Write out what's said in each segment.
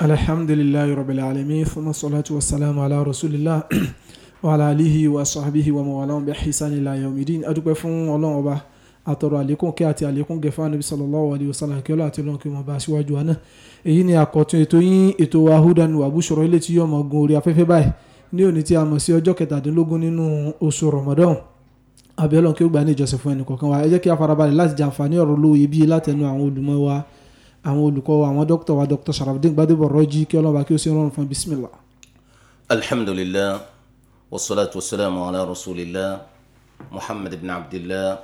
alhamdulilayi rabbil alamin fuma salatu wa salamu ala rasulillah wa ala alihi wa sahbihi wa mawalawo bi ahisan ila yawmidin adúpẹ́ fún Ọlọ́run ọba àtọrọ àlékún kí àti àlékún gẹfà níbi sallallahu alayhi wa sallam kí Ọlọ́run àti Ọlọ́run kí wọn bá aṣíwájú wa náà èyí ni àkọtún ètò yín ètò wa hudan wa bushra ilé tí yóò mọ gun orí afẹ́fẹ́ báyìí ní òní tí a mọ̀ sí ọjọ́ kẹtàdínlógún nínú oṣù ramadan abẹ́lọ́n kí ó gbà ní ìjọsìn fún ẹnì kọ̀ọ̀kan wa ẹ jẹ́ kí a farabalẹ̀ láti jàǹfààní ọ̀rọ̀ lóye bíi látẹnu àwọn olùmọ̀ wa àwọn olùkọ́ àwọn dókítà wa dókítà Sharafdin Gbadebo Rọ́jí kí ọlọ́ba kí ó sì rọrùn fún bismillah. alhamdulilah wasalaatu wasalaamu ala rasulillah muhammad ibn abdillah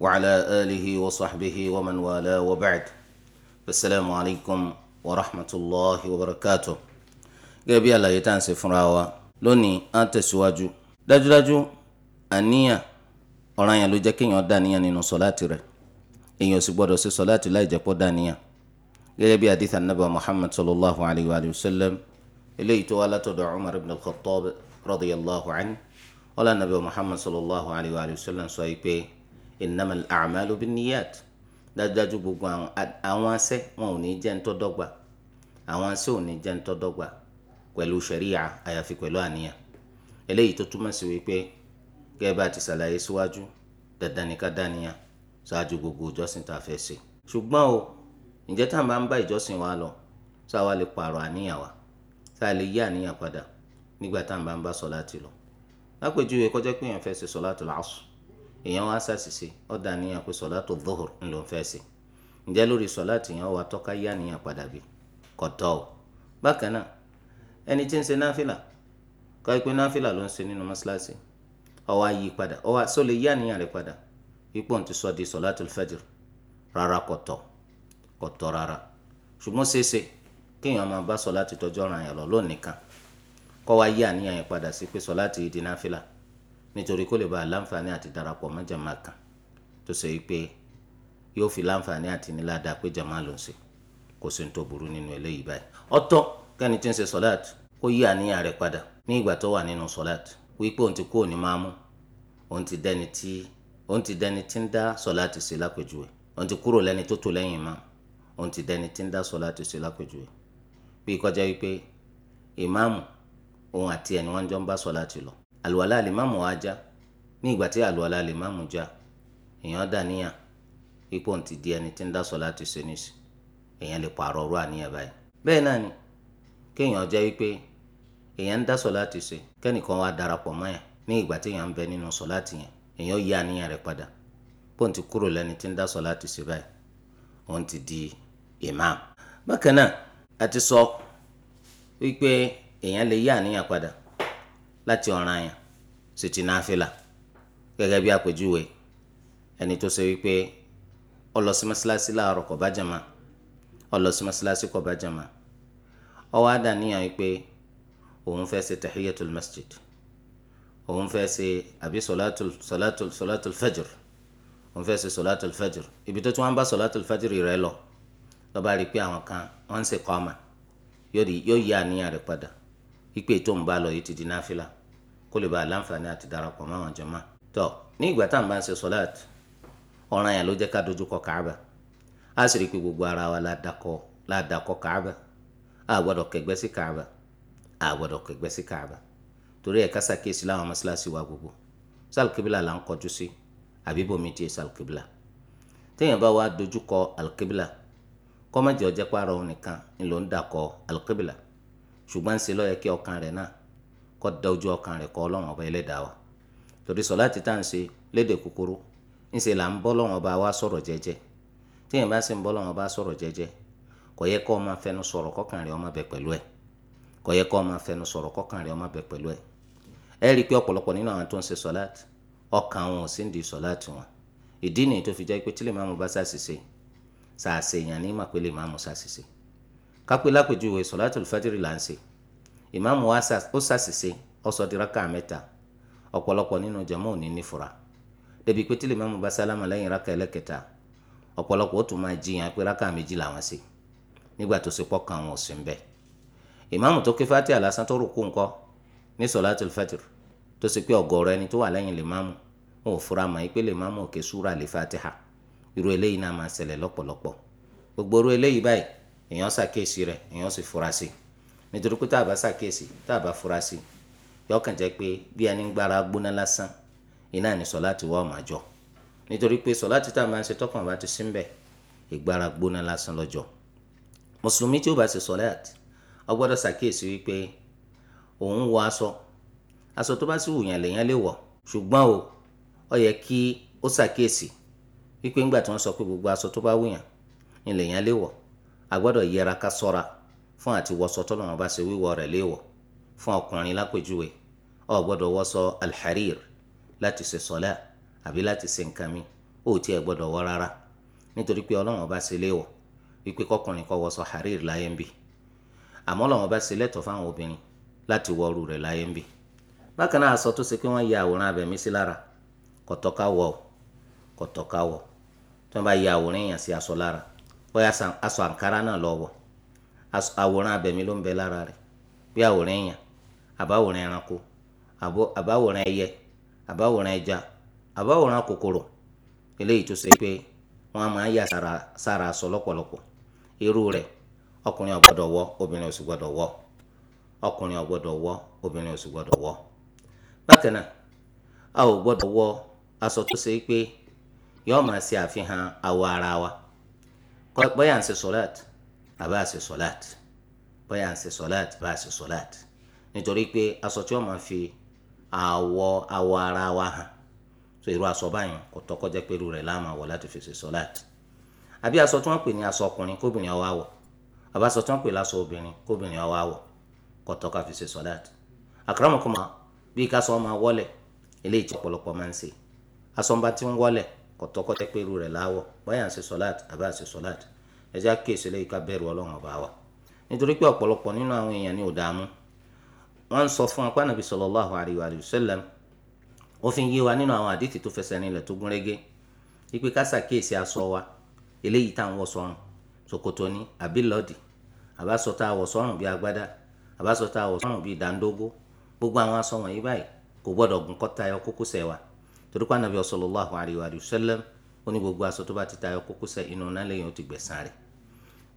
wa ala alihi wa sahbihi wa man wala wa ba'd asalaamu alaykum wa rahmatulahi wa barakatuh. gẹ́gẹ́ bí àlàyé tá à ń ṣe fúnra wa lónìí á tẹ̀síwájú dájúdájú àníyàn ọ̀ranyàn ló jẹ́ kéèyàn dá nínú sọ́láàtì rẹ̀ èèyàn sì gbọ́dọ̀ ṣe sọ́láàtì láì jẹ́ pọ́ dá gẹ́gẹ́ bí adith anabi muhammad sallallahu alayhi wa sallam eléyìí tó wá látọ̀dọ̀ umar ibn al-khattab radiyallahu anhu wọ́n lọ́nà bí muhammad sallallahu alayhi wa sallam sọ yìí pé innama al-a'malu binniyat dájúdájú gbogbo àwọn asẹ́ wọn ò ní jẹ́ ntọ́dọ́gba àwọn asẹ́ ò ní jẹ́ ntọ́dọ́gba pẹ̀lú sẹ̀ríyà àyàfi pẹ̀lú àníyàn eléyìí tó túmọ̀ sí wípé gẹ́gẹ́ bá ti ṣàlàyé síwájú dandan ṣáájú gbogbo ìjọsìn tá a fẹ́ ṣe ṣùgbọ́n o ǹjẹ́ tá à ń bá ń bá ìjọsìn wa lọ tá a wá lè pààrọ̀ àníyàn wa tá a lè yí àníyàn padà nígbà tá à ń bá ń bá sọ̀láàtì lọ lápèjúwe kọjá pé èèyàn fẹ́ ṣe sọ̀láàtù làásù èèyàn wá ṣàṣìṣe ó dá àníyàn pé sọ̀láàtù dhuhur ń lòún fẹ́ ṣe ǹjẹ́ lórí sọ̀láàtì yẹn wà tọ́ka yí àníyàn padà bí kò tọ́ o bákan náà ẹni tí ń ṣe náfìlà kọ́ pé náfìlà ló ń ṣe nínú mọ́ṣáláṣí kò tọ́ rárá ṣùgbọ́n ṣeéṣe kéèyàn máa bá sọláàtì tọ́jú ọ̀ràn yẹn lọ lónìí kan kó wá yí àníyàn yẹn padà sí pé sọláàtì di náfìlà nítorí kó lè bá a láǹfààní àti darapọ̀ mọ́ jàmá kan tó ṣe pé yóò fi láǹfààní àti nílàdá pé jàmá ló ń ṣe kò sí ní tó burú nínú eléyìí báyìí ọ̀tọ̀ kẹ́ni tí ń ṣe sọláàtì kó yí àníyàn rẹ̀ padà ní ìgbà tó wà nínú sọláàtì wípé òun ti kú òní máa mú òun ti dẹni tí ń dá sọláàtì sí lápèjúwe òun ti kúrò lẹ́ni tó tó lẹ́yìn máa òun ti dẹni tí ń dá sọ láti ṣe lápèjúwe bí kọjá wípé ìmáàmù òun àti ẹni wọn jọ ń bá sọ láti lọ àlùwalá àlìmáàmù wa já ní ìgbà tí àlùwalá àlìmáàmù já èèyàn dà níyàn ipò òun ti di ẹni tí ń dá sọ láti ṣe níṣì èèyàn lè pààrọ̀ ọ̀rọ̀ àníyàn báyìí bẹ́ẹ̀ náà ni kéèyàn jẹ́ wípé èèyàn ń dá sọ láti ṣe kẹ́nìkan wá darapọ̀ mọ́ yẹn ní ìgbà tí èèyàn ń bẹ nínú sọ láti yẹn èèyàn yí àníyàn rẹ̀ padà pọ́ùn ti kúrò lẹ́ni tí ń dá sọ láti ṣe báyìí òun ti di imam bákan náà a ti sọ wípé èèyàn lè yí àníyàn padà láti ọ̀ràn àyàn sí ti náfìlà gẹ́gẹ́ bí àpèjúwe ẹni tó ṣe wípé ó lọ sí mọ́ṣáláṣí láàárọ̀ kò bá jàmá ó lọ sí mọ́ṣáláṣí kò bá jàmá ó wá dàníyàn wípé òun fẹ́ ṣe tahiyatul masjid òun fẹ́ ṣe àbí sọlátul sọlátul sọlátul fajr òun fẹ́ ṣe sọlátul fajr ibi tó tún wá ń bá sọlátul fajr rẹ lọ lọ́ba rí i pé àwọn kan wọ́n ń sèkọ́ ọmọ yóò yí àníyàn rẹ̀ padà ipe tó ń bá lọ yìí ti di náfìlà kó lè ba àlàǹfààní àti darapọ̀ mọ́ àwọn jàmá. tọ́ ní ìgbà tá à ń bá ń ṣe sọ́láàt ọ̀ràn yẹn ló jẹ́ ká dojúkọ káàbà á sì rí i pé gbogbo ara wa ládàkọ káàbà á gbọ́dọ̀ kẹgbẹ́ sí káàbà á gbọ́dọ̀ kẹgbẹ́ sí káàbà torí ẹ̀ kásàkíyèsí láwọn mọ́ṣáláṣí wa gbogbo sálùkébìlà là ń kọjú sí àbíbòmí tiẹ̀ sálùkébìlà téèyàn bá wa dojúkọ àlùkébìlà kọ́mọ̀jì ọjẹ́ pààrọ̀ òun nìkan ni ló ń dàkọ alqibla ṣùgbọ́n ṣe ló yẹ kí ọkàn rẹ̀ náà kó da ọkàn rẹ̀ kọ ọlọ́run ọba ẹlẹ́dàá wa torí sọ̀láàtì tá à ń ṣe léde kúkúrú ńṣe là ń bọ́ lọ́run ọba wa sọ̀rọ̀ jẹ́jẹ́ tíyẹn bá sì ń bọ́ lọ́run ọba sọ̀rọ̀ jẹ́jẹ́ kò yẹ kó máa fẹnu sọ̀rọ̀ kọ́kàn rẹ̀ ó máa bẹ pẹ̀lú ẹ̀ kò yẹ kó máa fẹnu sọ̀rọ̀ kọ́kàn rẹ̀ ó bẹ pẹ̀lú ẹ̀ ẹ rí i pé ọ̀pọ̀lọpọ̀ nínú àwọn tó ń ṣe sọ̀láàtì ọkàn wọn ò sí ń di sọ̀láàtì wọn ìdí nìyí tó fi jẹ́ pé tílẹ̀ máa mú bá sá sàṣe èèyàn ní màpele ìmáàmù sàṣìṣe kápẹ́ lápèjúwe sọ̀látùl fẹ́tìrì là ń ṣe ìmáàmù wa ó sàṣìṣe ó sọ di rákà mẹ́ta ọ̀pọ̀lọpọ̀ nínú jàmá ò ní nífura débi pé tílé ìmáàmù bá sálámà lẹ́yìn rákà ẹlẹ́kẹta ọ̀pọ̀lọpọ̀ ó tún máa jiyàn pé rákà méjì làwọn ṣe nígbà tó ṣe pọ́kàn wọn ò sí ń bẹ̀ ìmáàmù tó ké fatiha lásán tó rúkú ńkọ́ ní sọ̀látùl fẹ́tìrì tó ṣe pé ọ̀gọ̀ọ̀rọ̀ ẹni tó wà lẹ́yìn lè máàmù wọn ò fura mọ́ ẹ máàmù òkè súrà lè fatiha irú eléyìí náà máa ṣẹlẹ̀ lọ́pọ̀lọpọ̀ gbogbo irú eléyìí báyìí èèyàn ṣàkíyèsí rẹ̀ èèyàn sì fura sí nítorí pé tá a bá ṣàkíyèsí tá fura sí yọ kàn jẹ́ pé bí ẹni gbára gbóná lásán iná ní sọ láti wá ọmọ àjọ nítorí pé sọ láti tá a máa ṣe tọkàn bá ti sí mbẹ ìgbára gbóná lásán lọ́jọ́ mùsùlùmí tí ó bá ṣe ṣàkíyèsí wípé òun wọ aṣọ aṣọ tó bá sì o yẹ kí wípé ńgbà tí wọ́n sọ pé gbogbo aṣọ tó bá wùyàn ilẹ̀ yẹn léwọ̀ a gbọ́dọ̀ yẹra ká sọ́ra fún àti wọṣọ tọ́lọ́run bá ṣe wíwọ̀ rẹ̀ léwọ̀ fún ọkùnrin lápèjúwe o gbọ́dọ̀ wọṣọ alharir láti ṣe sọ́lá àbí láti ṣe nǹkan mi ó tiẹ̀ gbọ́dọ̀ wọ rárá nítorí pé ọlọ́run bá ṣe léwọ̀ wípé kọkùnrin kó wọṣọ harir láyé ń bì àmọ́ ọlọ́run bá ṣe lẹ́tọ̀ọ́ fáwọn obìnrin láti wọrú rẹ̀ láyé ń bì bákan náà aṣọ tó ṣe pé wọ́n ya àwòrán abẹ̀mí sí lára kò tọ́ ká wọ̀ kò tí wọ́n bá ya àwòrán asọ sí aṣọ lára bóyá aṣọ àǹkárá náà lọ àwòrán abẹ̀mí ló ń bẹ lára rẹ̀ bí àwòrán èèyàn àbáwòrán ẹranko àbáwòrán ẹyẹ àbáwòrán ẹja àbáwòrán kòkòrò eléyìí tó ṣe pé wọ́n máa yà sára aṣọ lọ́pọ̀lọpọ̀ irú rẹ̀ ọkùnrin ò gbọ́dọ̀ obìnrin ò sì gbọ́dọ̀ ọkùnrin yóò máa ṣe àfihàn àwọ̀ ara wa bóyá ń ṣe sọ́láàt àbá ṣe sọ́láàt bóyá ń ṣe sọ́láàt bá ṣe sọ́láàt nítorí pé aṣọ tí wọ́n máa fi àwọ̀ àwọ̀ ara wa hàn so irú aṣọ báyìí kò tọkọjẹ pé irú rẹ̀ láàmú àwọ̀ láti fi ṣe sọ́láàt àbí aṣọ tí wọ́n pè ní aṣọ ọkùnrin kóbìnrin ọwọ́ àwọ̀ àbá aṣọ tí wọ́n pè láṣọ obìnrin kóbìnrin ọwọ́ àwọ̀ kò tọ́ka fi ṣe sọ́láàt àkàràmọ̀kọ́mọ bí káṣọ máa wọlé eléyìí tí ọ̀pọ̀lọpọ̀ máa ń ṣe aṣọ bá ti ń wọlé kọtọkọtẹ pẹ̀lú rẹ̀ láwọ̀ báyà ń ṣe sọ́láàt àbá ń ṣe sọ́láàt ẹ jẹ́ àkíyèsí lẹ́yìn ká bẹ̀rù ọlọ́run ọba wa nítorí pé ọ̀pọ̀lọpọ̀ nínú àwọn èèyàn ní òdààmú wọ́n ń sọ fún apá nàbì sallallahu alayhi wa sallam ó fi ń yé wa nínú àwọn àdìtì tó fẹsẹ̀ nílẹ̀ tó gún régé wípé ká ṣàkíyèsí aṣọ wa eléyìí tá à ń wọ̀ sọ́run ṣòkòtò ni àbí lọ́ọ̀dì àbáṣọ tá a bíi agbádá àbáṣọ tá a bíi dàńdógó gbogbo àwọn aṣọ wọ̀nyí báyìí kò gbọ́dọ̀ gùn kọ́tayọ kókósẹ̀ wa torípa nàbí sallallahu alayhi wa sallam ó ní gbogbo aṣọ tó bá ti tayọ kókósẹ̀ inú náà lẹ́yìn ó ti gbẹ̀san rẹ̀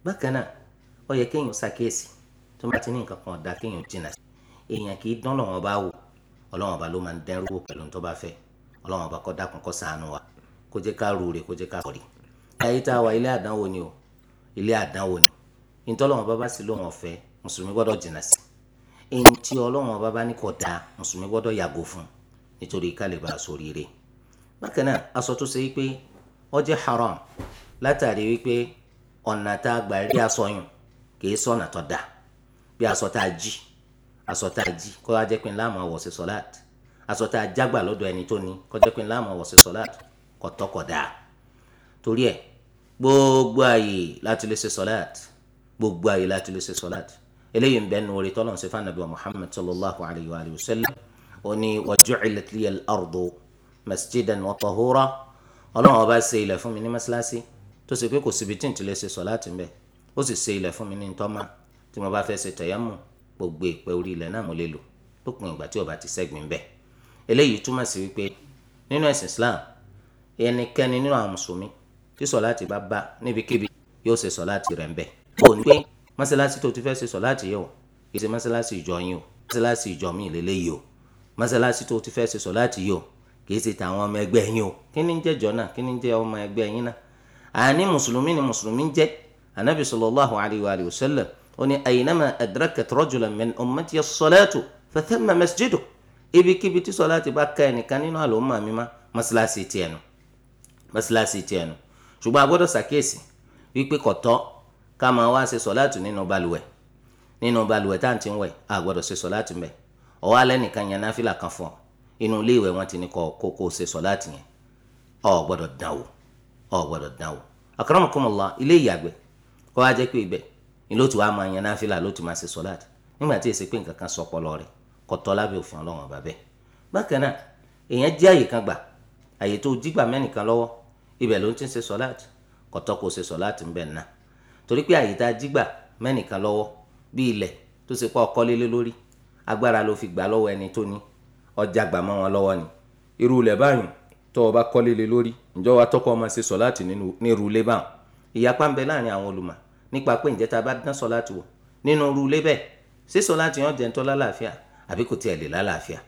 bákan náà ó yẹ kéèyàn ṣàkíyèsí tó bá ti ní nǹkan kan ọ̀dà kéèyàn jìnnà sí èèyàn kì í dán lọ́wọ́n bá wò ọlọ́wọ́n bá ló máa ń dẹ́n rúwò pẹ̀lú tó bá fẹ́ ọlọ́wọ́n bá kọ́ dákun kó ṣàánú wa kó jẹ́ ká rú rè kó jẹ́ ká sọ̀rí. ayé tá nítorí kálíbà sóríire bákan náà aṣọ tó ṣe wípé ó jẹ́ haram látàrí wípé ọ̀nà tá a gbà rí aṣọ yùn kìí sọ̀nà tó dáa bí aṣọ tá a jí aṣọ tá a jí kó wá jẹ́ pé ńlá àmọ́ sí sọ́láàtì aṣọ tá a jágbà lọ́dọ̀ ẹni tó ní kó jẹ́ pé ńlá àmọ́ ọ̀wọ́ sí sọ́láàtì kò tọ́ kò dáa torí ẹ̀ gbogbo ààyè láti lè ṣe sọ́láàtì gbogbo ààyè láti lè ṣe sọ́láàtì eléyìí ń bẹ́ẹ̀ nu orí tọ́lọ́ fún anabi wa Muhammad sallallahu alayhi wa sallam ó ní waju'ilat liya al-ardu masjidan wa tahura ọlọ́run ọba ṣe ilẹ̀ fún mi ní mọ́ṣáláṣí tó ṣe pé kò síbi tí n ti lè ṣe sọ̀láàtì ńbẹ̀ ó sì ṣe ilẹ̀ fún mi ní ntọ́mà tí mo bá fẹ́ ṣe tẹ̀yẹ́mù gbogbo ìpẹ́ orí ilẹ̀ náà mo lè lò lópin ìgbà tí ó bá ti ṣẹ́gbìn bẹ́ẹ̀ eléyìí túmọ̀ sí wípé nínú ẹ̀sìn Islam ẹnikẹ́ni nínú àwọn mùsùlùmí tí sọ̀láàtì bá bá níbikíbi yóò ṣe sọ̀láàtì rẹ̀ ńbẹ̀ ó ní pé mọ́ṣáláṣí tó ti fẹ́ ṣe sọ̀láàtì yìí o o mọ́ṣáláṣí mọ́sálásí tó ti fẹ́ ṣe sọ láti yọ kìí ṣe tàwọn ọmọ ẹgbẹ́ yín o kí ni ń jẹ́ jọ náà kí ni ń jẹ́ ọmọ ẹgbẹ́ yín náà àní mùsùlùmí ni mùsùlùmí ń jẹ́ anabi sallallahu alayhi wa sallam ó ní aynama adrakat rajulan min ummati as-salatu fa thamma masjidu ibikíbi tí sọlá ti bá ka ẹnìkan nínú àlùmọ́ mi má mọ́sálásí tiẹ̀ nu mọ́sálásí tiẹ̀ nu ṣùgbọ́n a gbọ́dọ̀ ṣàkíyèsí wípé kọ̀tọ́ ká máa wá ṣe sọlá nínú balùwẹ̀ nínú balùwẹ̀ tá ti ń wẹ̀ a gbọ́dọ̀ ṣe sọlá mẹ́ẹ̀ ọwọ́ alẹ́ nìkan yan náfìlà kan fún ọ inú ilé ìwẹ̀ wọn ti ní kó kó ṣe yẹn ọ gbọ́dọ̀ dán ọ gbọ́dọ̀ dán ilé wá jẹ́ pé ibẹ̀ ni ló ti wá máa yan náfìlà ló ti máa ṣe nígbà tí èsì pé kan sọ tọ́ lábẹ́ òfin Ọlọ́run bákan náà èèyàn jẹ́ àyè kan gbà àyè tó mẹ́nìkan lọ́wọ́ ibẹ̀ ló ń ti ń ṣe kò tọ́ kó agbára ló fi gbà lọ́wọ́ ẹni tó ní ọjà gbà mọ́ wọn lọ́wọ́ ni irú ilẹ̀ báyìí tó o bá kọ́lé lé lórí ǹjọ́ wa tọ́kọ ọmọ ṣe sọ̀láàtì ní irú ilé báwọn ìyapa ń bẹ láàrin àwọn olùmọ̀ nípa pé ǹjẹ́ ta bá dán sọ̀láàtì wọ̀ nínú irú ilé bẹ́ẹ̀ ṣé sọ̀láàtì yẹn jẹ́ ń tọ́ lálàáfíà àbí kò tiẹ̀ lè lálàáfíà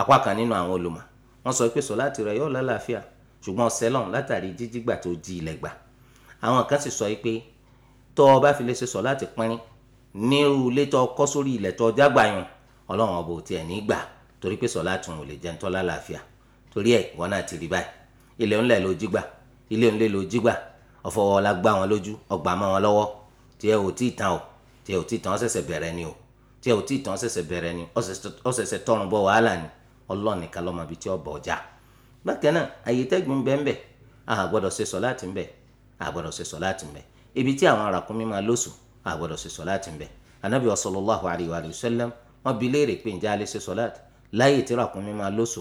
apá kan nínú àwọn olùmọ̀ wọ́n sọ pé sọ̀láàtì rẹ̀ yóò lálàáfíà ṣùgbọ́n sẹ́lọ̀n látàrí jíjígbà tó jí ilẹ̀ gbà àwọn kan sì sọ pé tó o bá fi lè ṣe sọ̀láàtì pínrín ní irú ilé tó kọ́ sórí ilẹ̀ tó jágbà yẹn ọlọ́run ọba ò tiẹ̀ ní gbà torí pé sọlá tún ò lè jẹun tọ́lá làáfíà torí ẹ̀ ìwọ náà ti rí báyìí ilé ńlẹ̀ ló jí gbà ilé ńlẹ̀ ló jí gbà ọ̀fọwọ́lá gbá wọn lójú ọgbà mọ́ wọn lọ́wọ́ tiẹ̀ ò tí ì tán o tiẹ̀ ò tí ì tán ọ̀sẹ̀sẹ̀ bẹ̀rẹ̀ ni o tiẹ̀ ò tí ì tán ọ̀sẹ̀sẹ̀ bẹ̀rẹ̀ ni ọ̀sẹ̀sẹ̀ tọrùn bọ̀ wàhálà ni ọlọ́ọ̀nì kan tí ọ bọ̀ ọjà sallallahu alayhi wa sallam wọ́n bi léèrè pé ǹjẹ́ a lè ṣe sọ́láàtì láyé tí ràkúnmí máa lóṣù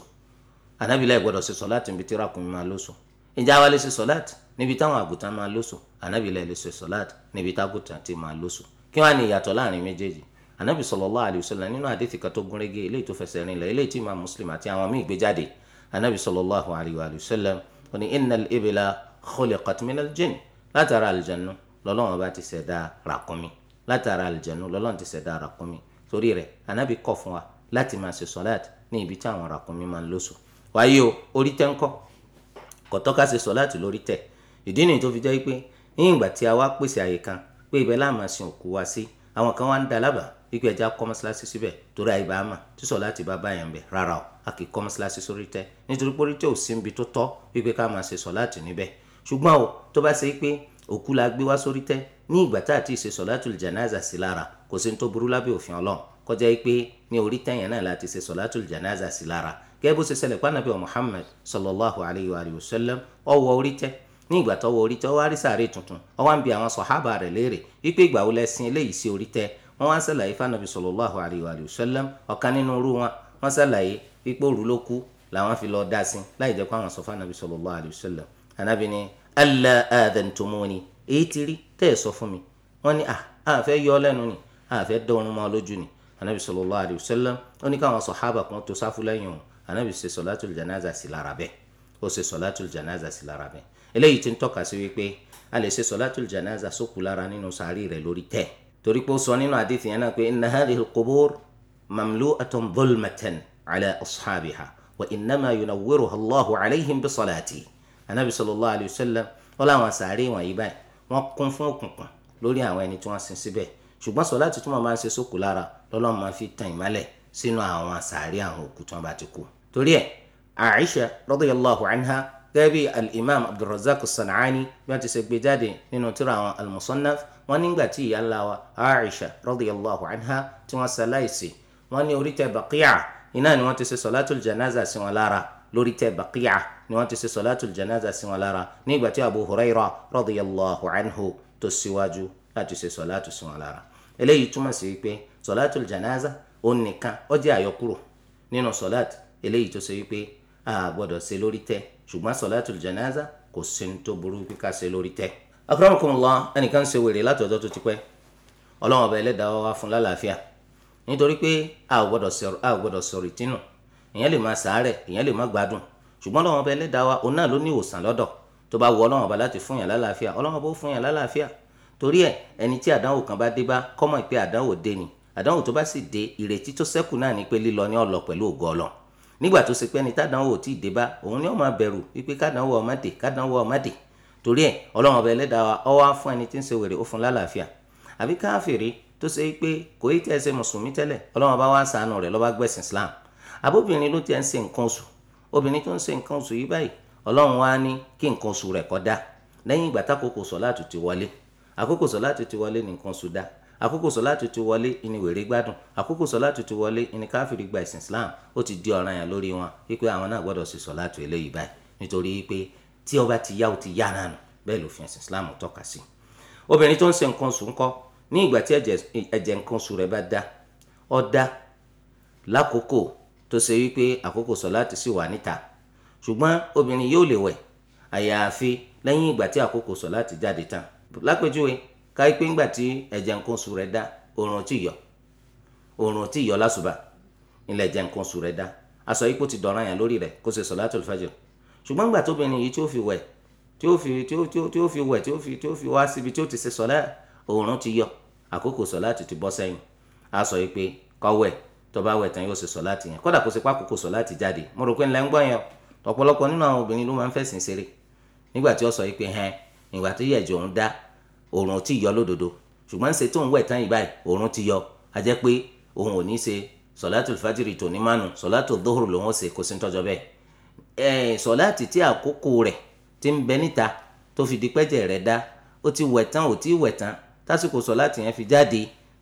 ànábì láì gbọ́dọ̀ ṣe sọ́láàtì níbi tí ràkúnmí máa lóṣù ǹjẹ́ àwa lè ṣe sọ́láàtì níbi táwọn àgùntàn máa lóṣù ànábì láì lè ṣe sọ́láàtì níbi tágùntàn ti máa lóṣù kí wọ́n á ní ìyàtọ̀ láàrin méjèèjì ànábì sallallahu alaihi wasallam nínú àdéhìí kan tó gúnrégé eléyìí tó fẹsẹ̀ rinlẹ̀ eléyìí tí Imam Muslim àti àwọn míì gbé jáde ànábì sallallahu alaihi wasallam ó ní innal ibla khuliqat látara àlùjànnú lọ́lọ́run bá ti ṣẹ̀dá ràkúnmí látara àlùjànnú lọ́lọ́run ti ṣẹ̀dá ràkúnmí torí rẹ̀ anábì kọ̀ fún wa láti máa ṣe sọ́láàtì ní ibi tí àwọn ràkúnmí máa ń lóṣù wáyé o orí tẹ́ ń kọ́ kò tọ́ka ṣe sọ́láàtì lórí tẹ̀ ìdí nìyí tó fi jẹ́ pé ní ìgbà tí a wá pèsè àyè kan pé ibẹ̀ la máa sin òkú wa sí àwọn kan wá ń da lábàá wípé ẹja kọ́ mọ́ṣáláṣí síbẹ̀ torí àyè bá a mà tí sọ́láàtì bá báyẹn bẹ̀ rárá o a kì í kọ́ mọ́ṣáláṣí sórí tẹ́ nítorí pé orí tẹ́ ò sí ibi tó tọ́ wípé ká máa ṣe sọ́láàtì níbẹ̀ ṣùgbọ́n o tó bá ṣe pé òkú la gbé wá sórí tẹ́ ní ìgbà tá àti ṣe sọ̀látùl janaza sí lára kò sí ní tó burú lábẹ́ òfin ọlọ́run kọjá yìí pé ní orí tẹ́yìn náà láti ṣe sọ̀látùl janaza sí lára gẹ́gẹ́ bó ṣe ṣẹlẹ̀ pànàbí wa Muhammad sallallahu alayhi wa sallam ó wọ orí tẹ́ ní ìgbà tó wọ orí tẹ́ ó wá rí sàárè tuntun ó wá ń bi àwọn sọ̀hábà rẹ̀ léèrè wípé ìgbà wo lẹ́sìn eléyìí sí orí tẹ́ wọ́n wá ń ṣàlàyé fànàbí sallallahu alayhi wa ọ̀kan nínú irú wọn wọ́n ṣàlàyé wípé òru làwọn fi lọ dá sí láì jẹ́ pé àwọn sọ fànàbí sallallahu alayhi wa sallam alla adhantumuni èyí ti rí tẹ́ ẹ̀ sọ fún mi wọ́n ní à fẹ́ yọ lẹ́nu ni à fẹ́ dọ́run mọ́ lójú ni anabi sallallahu alayhi wa sallam ó ní káwọn sọ̀hábà kan tó sáfù lẹ́yìn o anabi ṣe sọ̀látùl janaza sí lára bẹ́ẹ̀ ó ṣe sọ̀látùl janaza sí lára bẹ́ẹ̀ eléyìí ti ń tọ́ka sí wípé a lè ṣe sọ̀látùl janaza sókù lára nínú sàárì rẹ̀ lórí tẹ́ẹ̀ torí pé ó sọ nínú àdìsí yẹn náà pé inna hadhihi al-qubur mamlu'atun ala ashabiha wa innama yunawwiruha Allahu alayhim bi anabi sallallahu alayhi wa sallam wọn làwọn sàárè wọ̀nyí báyìí wọ́n kún fún òkùnkùn lórí àwọn ẹni tí wọ́n sin síbẹ̀ ṣùgbọ́n sọ láti túmọ̀ máa ń ṣe sókù lára lọ́lọ́run máa fi tan ìmọ́lẹ̀ sínú àwọn sàárè àwọn òkú tí wọ́n bá ti kú. torí ẹ̀ Aisha radiyallahu anha gẹ́gẹ́ bí al-imam abdulrazak sanani bí wọ́n ti ṣe gbé jáde nínú tírà àwọn al-musannaf nígbà tí ìyá wa Aisha radiyallahu anha tí wọ́n ṣaláìsí wọ́n ní orí tẹ bàkíyà iná ni wọ́n ti ṣe sọ̀látùl janaza sí wọn lára lórí tẹ bàkíyà ni wọ́n ti ṣe sọ̀látùl janaza sí wọn lára ní ìgbà tí Abu Huraira radiyallahu anhu tó síwájú láti ṣe sọ̀látù sí wọn lára eléyìí túmọ̀ sí wípé sọ̀látùl janaza ó nìkan ó jẹ́ àyọkúrò nínú sọ̀látù eléyìí tó ṣe wípé a gbọ́dọ̀ ṣe lórí tẹ ṣùgbọ́n sọ̀látùl janaza kò sí ní tó burú kíkà ṣe lórí tẹ. akramakumullah ẹnìkan ṣe wèrè èèyàn lè máa sàárẹ̀ èèyàn lè máa gbádùn ṣùgbọ́n lọ́wọ́ ọba ẹlẹ́dàá wa òun náà ló ní ìwòsàn lọ́dọ̀ tó bá wù ọlọ́wọ́n ọba láti fún yàn lálàáfíà ọlọ́wọ́n ọba ó fún yàn lálàáfíà torí ẹ ẹni tí àdánwò kan bá dé bá kọ́mọ̀ pé àdánwò dé ni àdánwò tó bá sì dé ìrètí tó ṣẹ́kù náà ni pé lílọ ní ọ̀lọ́ pẹ̀lú ògo Ọlọ́run nígbà tó ṣe pé ẹni tádánwò tí ì dé bá òun ni ó máa bẹ̀rù wípé kádánwò ó má tí ń Islam àbóbìnrin ló ti ń ṣe nǹkan oṣù obìnrin tó ń ṣe nǹkan oṣù yìí báyìí ọlọ́run wá ní kí nǹkan oṣù rẹ̀ kó dá lẹ́yìn ìgbà tákòókò sọ̀láàtù ti wọlé àkókò sọ̀láàtù ti wọlé ní nǹkan oṣù dá àkókò sọ̀láàtù ti wọlé ìní wèrè gbádùn àkókò sọ̀láàtù ti wọlé ìní káfíìrì gba ìsìn Islam ó ti di ọ̀ràn yàn lórí wọn wípé àwọn náà gbọ́dọ̀ ṣe sọ̀láàtù eléyìí báyìí nítorí pé tí ó bá ti yá ó ti yá náà nù bẹ́ẹ̀ lòfin ẹ̀sìn Islam tọ́ka sí. obìnrin tó ń ṣe nǹkan oṣù ńkọ́ ní ìgbà tí ẹ̀jẹ̀ nǹkan oṣù rẹ̀ bá dá ó dá lákòókò tó ṣe wípé àkókò sọ̀láàtì sì wà níta ṣùgbọ́n obìnrin yóò lè wẹ̀ àyàfi lẹ́yìn ìgbà tí àkókò sọ̀láàtì jáde tán lápèjúwe káyí pé ńgbà tí ẹ̀jẹ̀ nǹkan oṣù rẹ̀ dá oorun ti yọ oorun ti yọ lásùbà ilẹ̀ ẹ̀jẹ̀ nǹkan oṣù rẹ̀ dá aṣọ ipò ti dọ̀ràn yàn lórí rẹ̀ kó ṣe sọ̀láàtì fájìrì ṣùgbọ́n ńgbà tóbìnrin yìí tí ó fi wẹ̀ tí ó fi tí ó tí ó tí ó fi wẹ̀ tí ó fi tí ó fi wá síbi tí ó ti ṣe sọ̀lá oorun ti yọ àkókò sọ̀láàtì ti bọ́ sẹ́yìn aṣọ ipe kọ́wẹ́ tó bá wẹ̀ tán yóò ṣe sọ̀láàtì yẹn kódà kò sí pákókò sọ̀láàtì jáde mo rò pé ńlẹ̀ ń gbọ́ yẹn ọ̀pọ̀lọpọ̀ nínú àwọn obìnrin ló máa ń fẹ̀sìn ṣeré nígbà tí ó sọ pé hẹn ìgbà tó yẹ̀jọ̀ òun dá òòrùn ti yọ lódodo ṣùgbọ́n ṣe tóun wẹ̀ tán yìí báyìí òòrùn ti yọ a jẹ́ pé òun ò ní ṣe sọ̀láàtì fàjìrì tòní mánu sọ̀láàtì dóhùrù lòun ó ṣe kò sí tọ́jọ́ bẹ́ẹ̀ sọ̀láàtì tí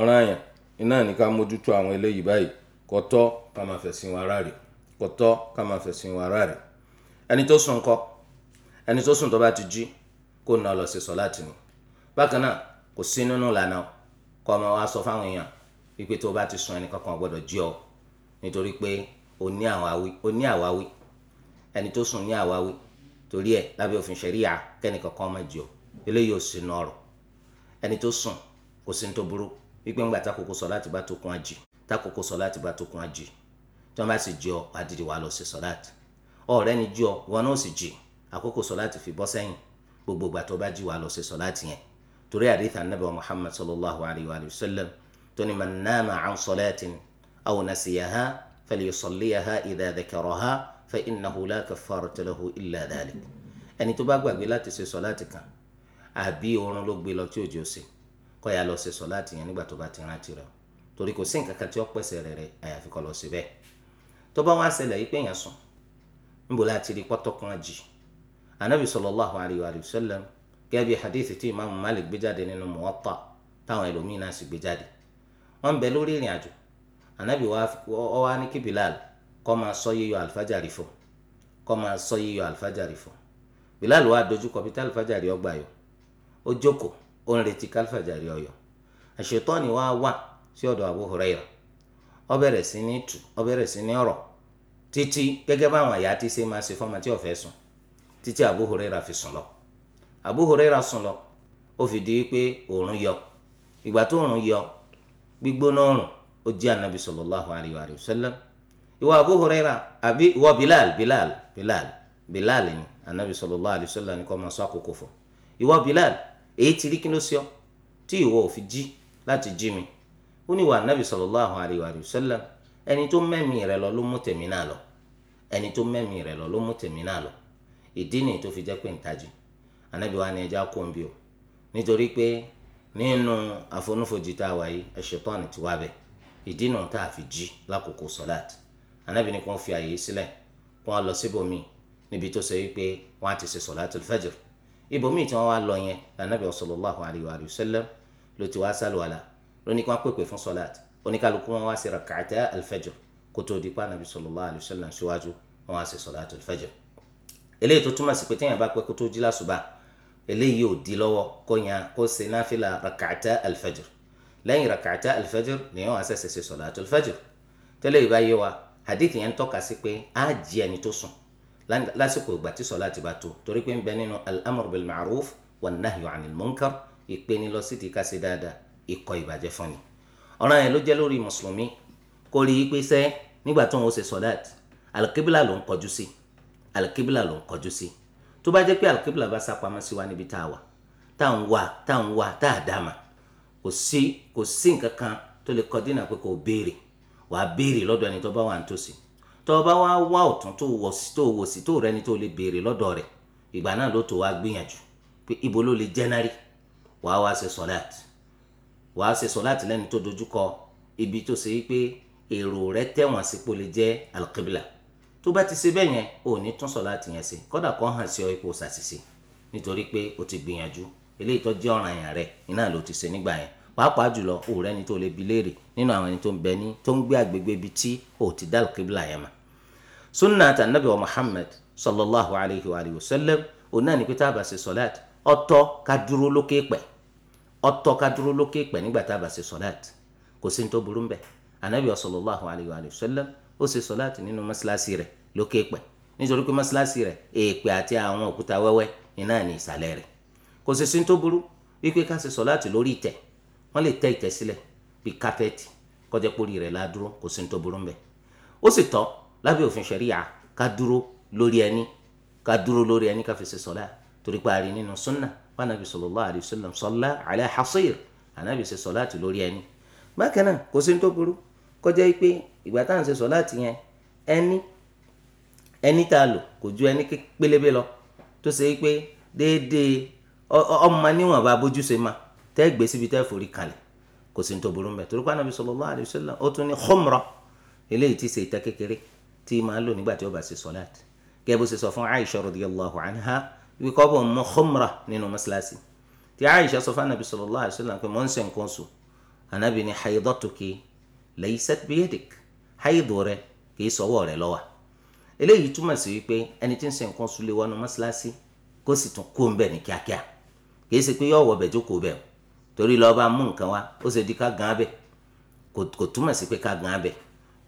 ọ̀ràn àyàn iná ní ká mójútó àwọn eléyìí báyìí kọ́tọ́ ká máa fẹ̀sìn wa ara rẹ̀ kọ́tọ́ ká máa fẹ̀sìn wa ara rẹ̀ ẹni tó sùn kọ́ ẹni tó sùn tó bá ti jí kó na lọ sí sọ́láàtì ni bákan náà kò sí nínú ìlànà kọ́ ọmọ wa sọ fáwọn èèyàn wípé tó bá ti sùn ẹnì kankan gbọ́dọ̀ jí ọ nítorí pé o ní àwáwí o ní àwáwí ẹni tó sùn ní àwáwí torí ẹ lábẹ́ òfin ṣẹ̀ríyà kẹ́nìkan kan má jí eléyìí ò sí nọ̀rọ̀ ẹni tó sùn kò sí ní tó burú wípé ńgbà takoko sọláàtì bá tó kún àjì takoko sọláàtì bá tó kún àjì tí wọn bá sì jí ọ àdìdì wàá lọ sí sọláàtì ọ̀rẹ́ ni jí ọ wọn náà sì jí àkókò sọláàtì fi bọ́ sẹ́yìn gbogbo ìgbà tó bá jí wàá lọ sí sọláàtì yẹn torí àdìtà nàbẹ muhammad sallallahu alayhi wa sallam tó ní man nama an sọláàtì aw nasiyaha falyusalliyaha idha dhakaraha fa innahu la kafarata lahu illa dhalik ẹni tó bá gbàgbé láti ṣe sọláàtì kan àbí oorun ló gbé lọ tí òjò ṣe kọ ya lọ ṣe sọ láti yẹn nígbà tó bá ti rántí rẹ̀ torí kò sí nǹkan kan tí ó pèsè rẹ̀ rẹ̀ àyàfi kọ́ lọ sí tó bá wá kan jì anabi sallallahu alayhi wa sallam gẹ́gẹ́ bí hadith tí malik gbé jáde nínú táwọn ẹlòmíín náà sì gbé jáde wọ́n ń bẹ lórí ìrìn àjò anabi wá ní kí bilal máa sọ yíyọ fún máa sọ bilal wá bí tá yọ ó jókòó ó ń retí kálífàjárì ọyọ àṣetọ́ni wá wà sí ọ̀dọ̀ Abu Huraira ó bẹ̀rẹ̀ sí ní tù ó bẹ̀rẹ̀ sí ní ọ̀rọ̀ títí gẹ́gẹ́ báwọn àyà ti ṣe máa ṣe fọ́mọ tí ó fẹ́ sùn títí Abu Huraira fi sùn lọ Abu Huraira sùn lọ ó fi di pé òòrùn yọ ìgbà tó òòrùn yọ gbígbóná òòrùn ó jí anabi sallallahu alayhi wa sallam ìwọ Abu àbí ìwọ Bilal Bilal Bilal Bilal ni anabi sallallahu alayhi wa ni kò máa sọ àkókò fún ìwọ Bilal èyí ti rí kí ló ṣe ọ tí ìwọ ò fi jí láti jí mi ó ní wà nábì sallallahu alaihi wa sallam ẹni tó mẹ́mìí rẹ̀ lọ ló mú tèmi náà lọ ẹni tó mẹ́mìí rẹ̀ lọ ló mú tèmi náà lọ ìdí nìyí tó fi jẹ́ pé ń tají anábì wa ni ẹja kó ń bí o nítorí pé nínú àfonúfojì tá a wà yìí ẹ̀ṣẹ̀tọ́ọ̀nì ti wá bẹ̀ ìdí nù tá a fi jí lákòókò sọ́láàtì anábì ni kò ń fi àyè sílẹ̀ kó wọn lọ síbòmíì níbi tó sọ wípé wọn á ti ṣe sọ́láàtì fẹ́jìrì ibòmíì tí wọ́n wá lọ yẹn lànàbì sallallahu alayhi wa sallam ló ti wá sálùwàlà lóní kí wọ́n pèpè fún sọ́láàt oníkálukú wọn wá sí rak'ata al-fajr kó tó di pa nàbì sallallahu alayhi wa sallam síwájú wọn wá sí sọ́láàt al-fajr eléyìí tó túmọ̀ sí pé téèyàn bá pẹ́ kó tó jí lásùbà eléyìí ò di lọ́wọ́ kó yan kó ṣe náfìlà rak'ata al-fajr lẹ́yìn rak'ata al-fajr nìyẹn lásìkò ìgbà tí sọlá ti bá tó torí pé ń bẹ nínú al-amr bil ma'ruf wa nahyu anil munkar ìpeni lọ sí ti ká ṣe dáadáa ìkọ̀ ìbàjẹ́ fún ni ọ̀ràn yẹn ló jẹ́ lórí mùsùlùmí kó rí i pé sẹ́ nígbà tó ń ṣe sọlát alkibla ló ń kọjú sí alkibla ló ń kọjú sí tó bá jẹ́ pé alkibla bá sápamọ́ sí wa níbi tá a wà tá à wà tá à wà tá à dá kò sí kò sí nǹkan kan tó lè kọ dínà pé kò béèrè wàá béèrè lọ́dọ̀ ẹni tó bá wà nítòsí tó o bá wá wá ọ̀tún tó wò sí tó wò sí tó rẹ ni tó lè béèrè lọ́dọ̀ rẹ̀ ìgbà náà ló tó wá gbìyànjú pé ibo ló lè jẹ́nárì wàá wá ṣe sọ̀láàt wàá ṣe sọ̀láàt lẹ́ni tó dojúkọ ibi tó ṣe pé èrò rẹ tẹ̀wọ̀n sípò lè jẹ́ alqibla tó bá ti ṣe bẹ́ẹ̀ yẹn ò ní tún sọ̀láàt yẹn ṣe kódà kó hàn sí ọ ipò ṣàṣìṣe nítorí pé o ti gbìyànjú pàápàá jùlọ òòrẹ́ tó lè bi léèrè nínú àwọn ẹni tó ń bẹ ní tó ń gbé àgbègbè ibi tí ò ti dá alqibla yẹn mọ́ sunna ta nabi wa muhammad sallallahu alayhi wa sallam òun náà ní pé tá a bá ṣe sọláàtì ọ̀tọ̀ ká dúró lókè pẹ̀ ọ̀tọ̀ ká dúró lókè pẹ̀ nígbà tá a bá ṣe sọláàtì kò sí ní burú mbẹ anabi wa sallallahu alayhi wa sallam ó ṣe sọláàtì nínú mọ́ṣáláṣí rẹ̀ lókè pẹ̀ nítorí pé mọ́ṣáláṣí rẹ̀ èèpẹ̀ àti àwọn òkúta wẹ́wẹ́ iná ní ìsàlẹ̀ rẹ̀ kò sì sí ní burú wípé ká ṣe sọláàtì lórí ìtẹ̀ wọ́n lè tẹ́ ìtẹ́ sílẹ̀ bíi kápẹ́ẹ̀tì kọjá pórí rẹ̀ ládúró kò sí ní burú mbẹ ó sì tọ́ lábẹ́ òfin ṣẹ̀ríyà ká dúró lórí ẹni ká dúró lórí ẹni ká fi ṣe sọlá torí pé a rí nínú sunna wọn anabi sallallahu alayhi wa sallam sọlá ala hasir anabi ṣe sọlá ti lórí ẹni. bákan náà kò sí ní tó burú kọjá yìí pé ìgbà tá à ń ṣe sọlá ti yẹn ẹni ẹni tá a lò kò ju ẹni pélébé lọ tó ṣe pé déédéé ọmọ níwọ̀n bá bójú ṣe ma tẹ́ gbé síbi tẹ́ forí kalẹ̀ kò sí ní tó burú mẹ́ torí pé anabi sallallahu alayhi wa ó tún ní khumra eléyìí ti ṣe ìtẹ́ kékeré tí máa ń lò nígbà tí ó bá ṣe sọlát gẹ́gẹ́ bó ṣe sọ fún Aisha radiyallahu anha wí kọ́ bọ̀ mọ́ khumra nínú mọ́ṣáláṣí tí Aisha sọ fún anabi sallallahu alaihi wasallam pé mò ń ṣe nǹkan sùn anabi ni haidatuki laysat biyadik haidu rẹ kìí sọwọ́ rẹ lọ́wọ́ eléyìí túmọ̀ sí wípé ẹni tí ń ṣe nǹkan sùn lè wọnú mọ́ṣáláṣí kó sì tún kó ń bẹ̀ ní kíákíá kìí ṣe pé yọ̀ wọ̀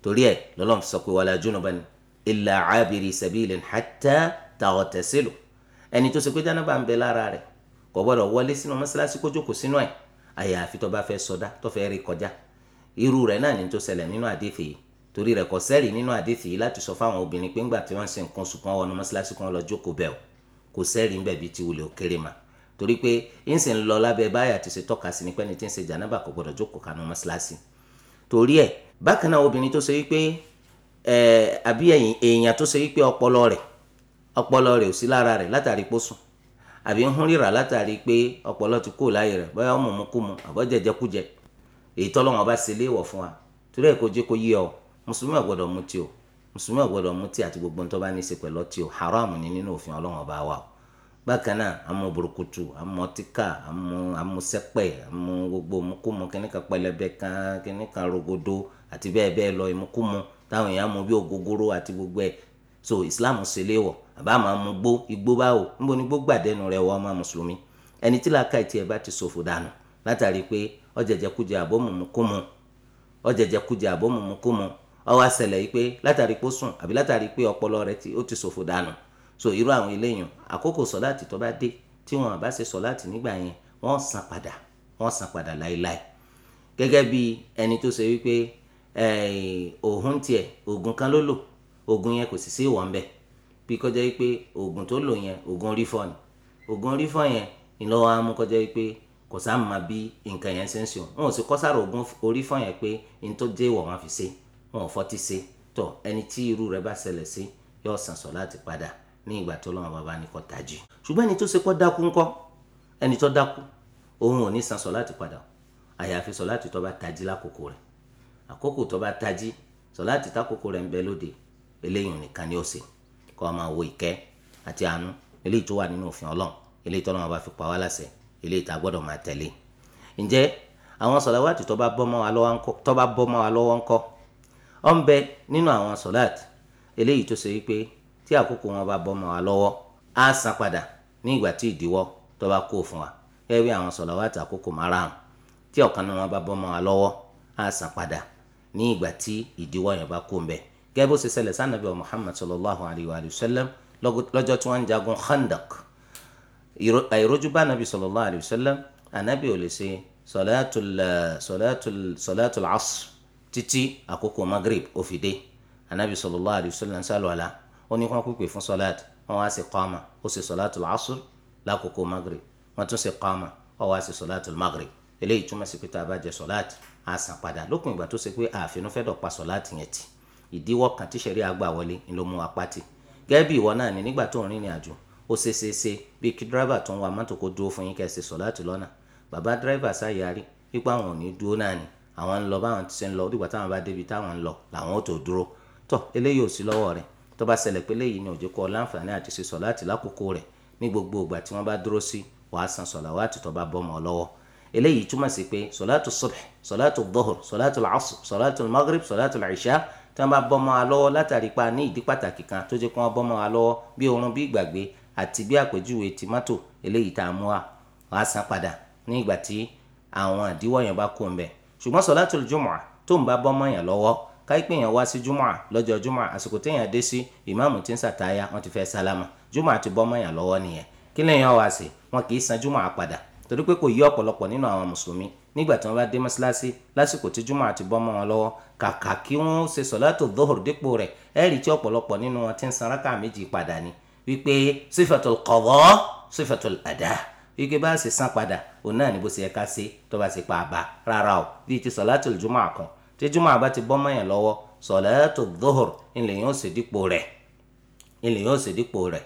torí ẹ lọ́lọ́run sọ pé wala junuban illa abiri sabilin hatta taghtasilu ẹni tó ṣe pé jánábà ń bẹ lára rẹ̀ kò gbọ́dọ̀ wọlé sínú mọ́ṣáláṣí kó jókòó sínú ẹ̀ àyàfi tó bá fẹ́ sọdá tó fẹ́ rí kọjá irú rẹ̀ náà ni tó ṣẹlẹ̀ nínú àdéfì yìí torí rẹ̀ kò sẹ́rì nínú àdéfì yìí láti sọ fáwọn obìnrin pé ńgbà tí wọ́n ṣe nǹkan sùn kan wọnú mọ́ṣáláṣí kan lọ jókòó bẹ́ẹ̀ o kò sẹ́rì ń bẹ̀bí ti wulẹ̀ òkèrè mà torí pé ń sì ń báyà ti ṣe tọ́ka sí ni pẹ́ni tí ń ṣe jànábà kò gbọ́dọ̀ jókòó kanú mọ́ṣáláṣí torí ẹ̀ bákan náà obìnrin tó ṣe wípé ẹ àbí ẹ̀yìn èèyàn tó ṣe wípé ọpọlọ rẹ̀ ọpọlọ rẹ̀ ò sí lára rẹ̀ látàrí pó sùn àbí ń hún ríra látàrí pé ọpọlọ ti kó láàyè rẹ̀ bóyá ó mú mu kú mu àbọ̀ jẹjẹkújẹ èyí tọ́lọ́wọ́n bá ṣe léèwọ̀ fún wa torí ẹ̀ kó jẹ́ kó yé ọ mùsùlùmí ò gbọ́dọ̀ mutí o mùsùlùmí ò gbọ́dọ̀ mutí àti gbogbo ntọ́ bá ní í ṣe pẹ̀lú ọtí o haram ni nínú òfin Ọlọ́run ọba wa o bákan náà àmú burúkutu àmú ọtíkà àmú àmú sẹ́pẹ̀ àmú gbogbo mukumu kíníkan pẹlẹbẹ kan kíníkan rogodo àti bẹ́ẹ̀ bẹ́ẹ̀ lọ ìmukúmu táwọn èèyàn mú bí ògógóró àti gbogbo ẹ̀ so islam ṣe léwọ̀ àbá máa mú gbó igbó báwo níbo ni gbó gbàdẹ́nu rẹ̀ wọ́n máa mùsùlùmí ẹni tí làákàyè tiẹ̀ bá ti ṣòfò dànù látàrí pé ọ̀jẹ̀jẹ̀kújẹ àbọ̀mùmùkúmu ọ̀jẹ̀jẹ̀kújẹ àbọ̀mùmùkúmu ọwọ́ àṣẹlẹ̀ yìí pé látàrí pé ó sùn àbí látàrí pé ọpọlọ rẹ̀ ó ti ṣòfò dànù so irú àwọn eléyìn àkókò sọ̀láàtì tó bá dé tí wọn bá ṣe sọ̀láàtì nígbà yẹn wọ́n san padà wọ́n san padà láéláé gẹ́gẹ́ bí ẹni tó ṣe wípé òògùn tiẹ̀ òògùn kan ló lò òògùn yẹn kò sì sí ìwọ̀n bẹ́ẹ̀ bí kọjá yìí pé òògùn tó lò yẹn òògùn rífọ́ ni òògùn rífọ́ yẹn ìlọ́wọ́ á mú kọjá yìí pé kò sáà máa bí nǹkan yẹn ṣe ń sùn wọn ò sì kọ́ sára òògùn orífọ́ yẹn pé n tó jẹ́ ìwọ̀n wọn fi ṣe wọn ò fọ́tí ṣe tọ ẹni tí irú rẹ̀ bá ṣẹlẹ̀ sí yóò sàn sọ láti padà ní ìgbà tó lọ́wọ́ bàbá ní kọ́ tají ṣùgbọ́n ẹni tó ṣe kọ́ dákú ńkọ́ ẹni àkókò tó bá tají sọláàtì tákòkò rẹ̀ ń bẹ lóde eléyìí nìkan ni ó ṣe kó o máa wo ìkẹ́ àti àánú eléyìí tó wà nínú òfin ọlọ́run eléyìí tó lọ́wọ́ bá fi pa wá láṣẹ eléyìí tá a gbọ́dọ̀ máa tẹ̀lé ǹjẹ́ àwọn sọláàtì tó bá bọ́ mọ́ wa lọ́wọ́ ńkọ́ ó ń bẹ nínú àwọn sọláàtì eléyìí tó ṣe wípé tí àkókò wọn bá bọ́ mọ́ wa lọ́wọ́ á san padà ní ìgbà tí ìdíwọ́ tó bá kó fún wa gẹ́gẹ́ bí àwọn sọláàtì àkókò márùn-ún tí ọ̀kan náà wọn bá bọ́ mọ́ wa lọ́wọ́ á san padà ní ìgbà tí ìdíwọ́ yẹn bá kó ń bẹ̀ gẹ́gẹ́ bó ṣe ṣẹlẹ̀ sànàbí wa Muhammad sallallahu alayhi wa sallam lọ́jọ́ tí wọ́n ń jagun Khandak àìrójú bá anabi sallallahu alayhi wa sallam anabi ò lè ṣe salatul salatul salatul asr títí àkókò maghrib ó fi dé anabi sallallahu alayhi wa sallam sálọ àlá ó ní wọn pípé fún salat wọn wá sí qama ó sì salatul asr lákòókò maghrib wọn tún sí qama ó wá sí salatul maghrib eléyìí túmọ̀ sí pé tá a bá jẹ salat á san padà lópin ìgbà tó ṣe pé àfihàn fẹ́ dọ̀pa sọ láti yẹn tì ìdíwọ́ kan tí ṣẹ̀rí àgbà wọlé ni ló mú apá tì gẹ́gẹ́ bí ìwọ náà ní nígbà tó ń rìnrìn àjò ó ṣe ṣe ṣe bí kí dírẹ́bà tó ń wa mọ́tò kó dúró fún yín kẹ́ ẹ ṣe sọ láti lọ́nà bàbá dírẹ́bà sáyàrí pípa àwọn ò dúró náà ni àwọn ń lọ báwọn ti ṣe ń lọ ó dìgbà táwọn bá débi táwọn ń lọ làwọn ó tó dúró tọ eléyìí ò sí lọ́wọ́ rẹ̀ tó bá ṣẹlẹ̀ pé léyìí ni òjò láǹfààní àti ṣe sọ láti lákòókò rẹ̀ ní gbogbo ìgbà tí wọ́n bá dúró sí wàá san sọ̀làwátì tó bá bọ́ mọ́ ọ lọ́wọ́ eléyìí túmọ̀ sí pé sọ̀látù subh sọ̀látù dhuhr sọ̀látù asr sọ̀látù maghrib sọ̀látù isha tí wọ́n bá bọ́mọ wa lọ́wọ́ látàrí pa ní ìdí pàtàkì kan tó jẹ́ kí wọ́n bọ́mọ wa lọ́wọ́ bí oorun bí ìgbàgbé àti bí àpèjúwe tìmátò eléyìí tá a mú wa wàá san padà ní ìgbà tí àwọn àdíwọ́ yẹn bá kú ń bẹ̀ ṣùgbọ́n sọ̀látù jumu'ah tó ń bá bọ́mọ yẹn lọ́wọ́ káyipẹ́ yẹn wá sí jumu'ah lọ́jọ́ jumu'ah àsìkò téèyàn dé sí ìmáàmù tí ń sàtáyà wọ́n ti fẹ́ sálámà jumu'ah ti bọ́mọ yẹn lọ́wọ́ nìyẹn kí lèèyàn wá sí wọn kì í san jumu'ah padà torí pé kò yí ọ̀pọ̀lọpọ̀ nínú àwọn mùsùlùmí nígbà tí wọ́n bá dé mọ́ṣáláṣí lásìkò tí júmọ̀ àti bọ́mọ wọn lọ́wọ́ kàkà kí wọ́n ṣe sọ̀látò dóhùr dípò rẹ̀ ẹ̀rí tí ọ̀pọ̀lọpọ̀ nínú wọn ti ń san rákà méjì padà ni wípé sífẹ̀tò kọ̀dọ́ sífẹ̀tò àdá wípé bá ṣe san padà òun náà ni bó ṣe yẹ ká ṣe tó bá ṣe pa àbá rárá o bíi ti sọ̀látò júmọ̀ kan tí júmọ̀ àbá ti bọ́mọ yẹn lọ́wọ́ sọ̀látò dóhùr ilẹ̀ yóò ṣe dípò rẹ̀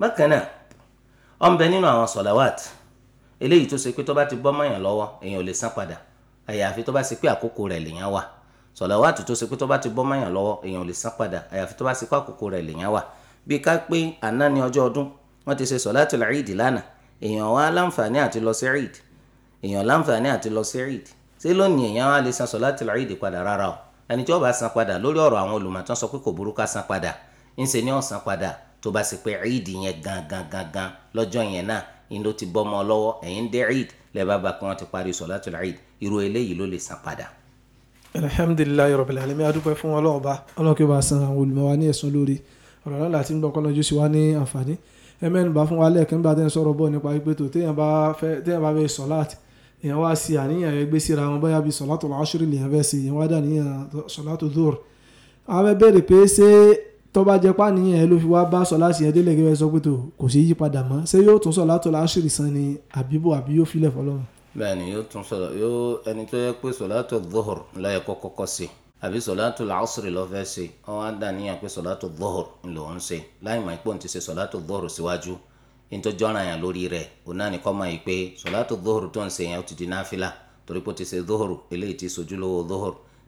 bákan náà ó eléyìí tó ṣe pé tó bá ti bọ́ mọ́yàn lọ́wọ́ èèyàn ò lè san padà àyàfi tó bá ṣe pé àkókò rẹ̀ lèèyàn wà sọ̀làwátù tó ṣe pé tó bá ti bọ́ mọ́yàn lọ́wọ́ èèyàn ò lè san padà àyàfi tó bá ṣe pé àkókò rẹ̀ lèèyàn wà bí ká pé àná ní ọjọ́ ọdún wọ́n ti ṣe sọ̀látù eid lánàá èèyàn wá láǹfààní àti lọ sí eid èèyàn láǹfààní àti lọ sí eid ṣé lónìí èèyàn wá lè san sọ̀látù eid padà rárá o ẹni tí wọ́n bá san padà lórí ọ̀rọ̀ àwọn olùmọ̀tán sọ pé kò burú ká san padà ńṣe ni ó san padà tó bá ṣe pé eid yẹn gangan gangan lọ́jọ́ yẹn náà yín ló ti bọ́mọ lọ́wọ́ ẹ̀yin dé eid lẹ́ẹ̀bá bá kí wọ́n ti parí solatul eid irú eléyìí ló lè san padà. alhamdulilayi rabbil alamin adúpẹ́ fún Ọlọ́run Ọba Ọlọ́run kí ó bá san àwọn olùmọ̀ wa ní ẹ̀san lórí ọ̀rọ̀ náà láti ń gbọ́ kọ́lọ́jú sí wa ní àǹfààní ẹ mẹ́nu bá fún wa lẹ́ẹ̀kan bá tẹ́ ń sọ̀rọ̀ bọ̀ nípa pé tó téèyàn bá fẹ́ tó bá jẹ́ pa nìyẹn ẹ ló fi wá bá sọlá sí ẹdẹ lẹgẹrẹ sọ pé tó kò sí yípadà mọ́ ṣé yóò tún sọlá tó láṣìírí san ni àbíbò àbí yóò filẹ̀ fọlọ́run. bẹ́ẹ̀ni yóò tún sọlá yóò ẹni tó yẹ pé sọlá tó dọhùr láyẹ kọkọkọ sí àbí sọlá tó làásùrì lọ fẹ́ ṣe wọn á dà níyàn pé sọlá tó dọhùr ńlò ń ṣe láì máa pọ̀ ti ṣe sọlá tó dọhùr síwájú ntọ́jọ́ra yàn lórí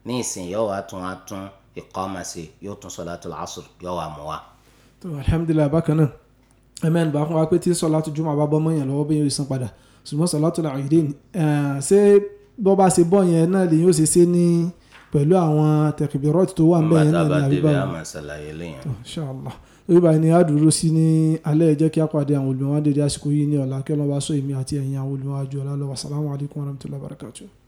ní ìsìn yóò wá tún á tún ìkọ́mà ṣe yóò tún sọ̀látù lásùr yóò wà mú wa. tó alhamdulilayi bákan náà amen bá fún wa pé tí sọ̀látù jùmọ̀ bá bọ́ mọ́yàn lọ́wọ́ bẹ́ẹ̀ yóò san padà ṣùgbọ́n sọ̀látù làyídẹ́ni ṣé bọ́ bá ṣe bọ́ yẹn náà lè yóò ṣe ṣe ní pẹ̀lú àwọn tẹ̀kìbìrọ́ọ̀tì tó wà ńbẹ̀ yẹn náà ní àbíbá oríba ni a dúró sí ní alẹ́ jẹ́ kí a pàdé àwọn olùmọ̀wá dédé àsìkò yìí ní ọ̀la kí ọlọ́ba sọ èmi àti ẹ̀yin àwọn olùmọ̀wá jù ọ̀la lọ́wọ́ sàlámù alaykum wa rahmatulahi barakatuh.